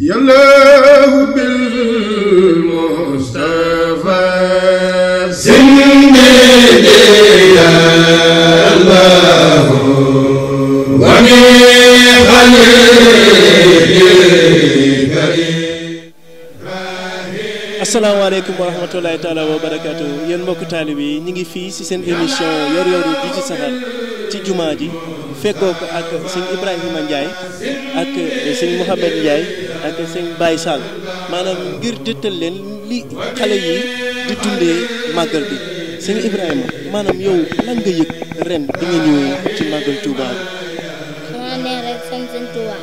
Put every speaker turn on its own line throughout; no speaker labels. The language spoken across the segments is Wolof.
يلاه بالمصطفى سندي يا الله ومن خليلك asalaamaaleykum wa rahmatulahi taala wa barakaatu yéen mbokk taalibe yi ñu ngi fii si seen émission yor-yor bi ci safar ci jumaa ji fekkoo ko ak sëñ Ibrahima Ndiaye ak sëñ Mouhamed Ndiaye ak sëñ bay Sall maanaam ngir dëttal leen li xale yi di dundee màggal bi sëñ Ibrahima maanaam yow lan nga yëg ren bi nga ci màggal Touba bi.
sama neex rek sant sëñ Touba.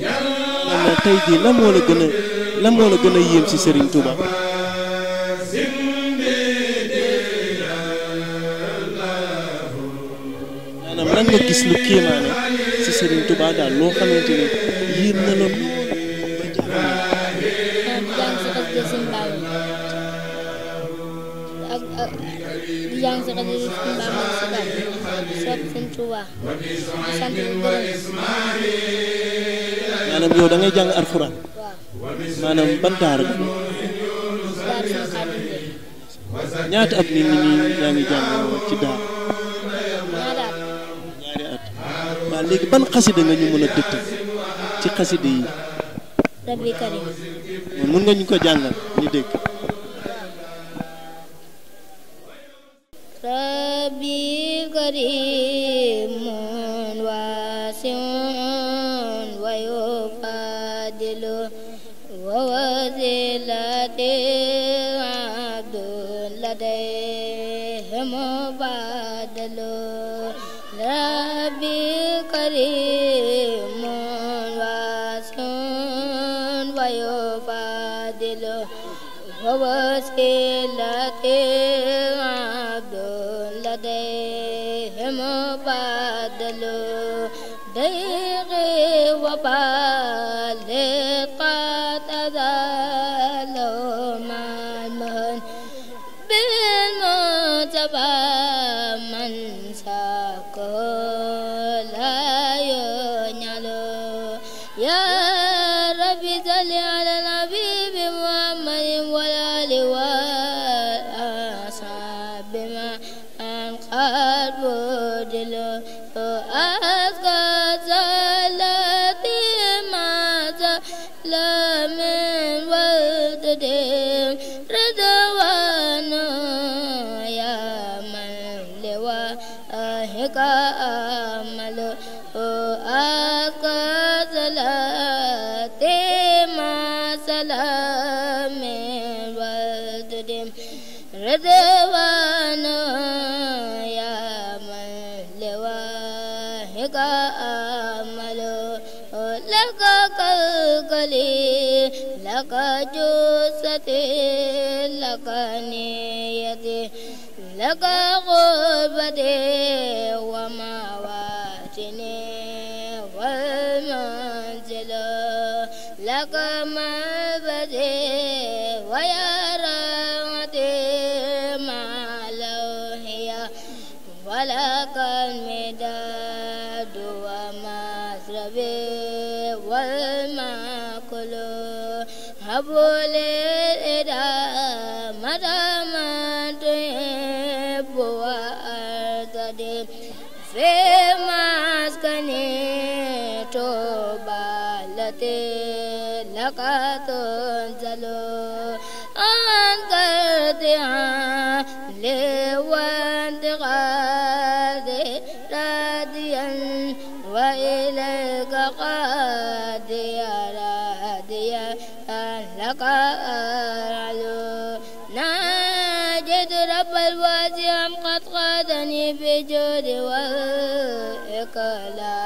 gën
a lan moo la gën a yéem si Serigne lan nga gis lu kéemaane si sëriñ Touba daal loo xamante ni yéem na la manam yow da ngay jang alquran manam ban daara ñaata ab nit ñi jang ci daara léegi ban xasida nga ñu mën a dëkk ci xasida yi. rabbi nga ñu ko jàngal ñu dégg.
rabbi karim waasiun wa yufaadilu wa wasilati ووسيلتي عبد لديهم بادلون رضوانا يا من لواهك أمل لك كالكلي لك جوستي لك نيتي لك غربتي ومواتني did. وجهم قد قادني بجود وإكلام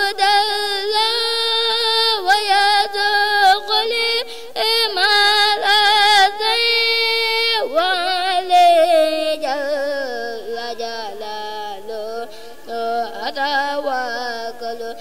أتى وأكل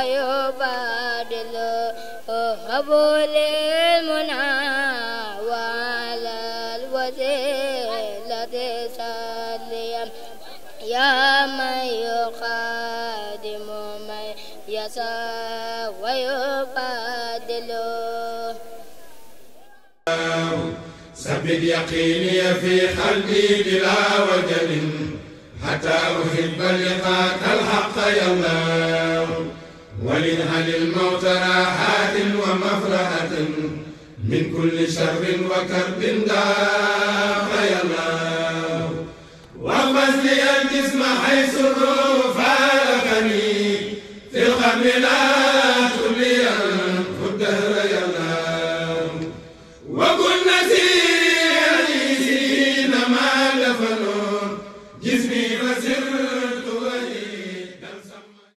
ويبادل هب للمنى وعلى الوسيلة صليا يا من يخادم من يسعى ويبادله
سب اليقين في قلبي بلا وجل حتى أحب لقاك الحق يوما ولنهل الموت راحات ومفرحة من كل شر وكرب دافع يلا واغمس لي الجسم حيث الروح فارقني في القبر لا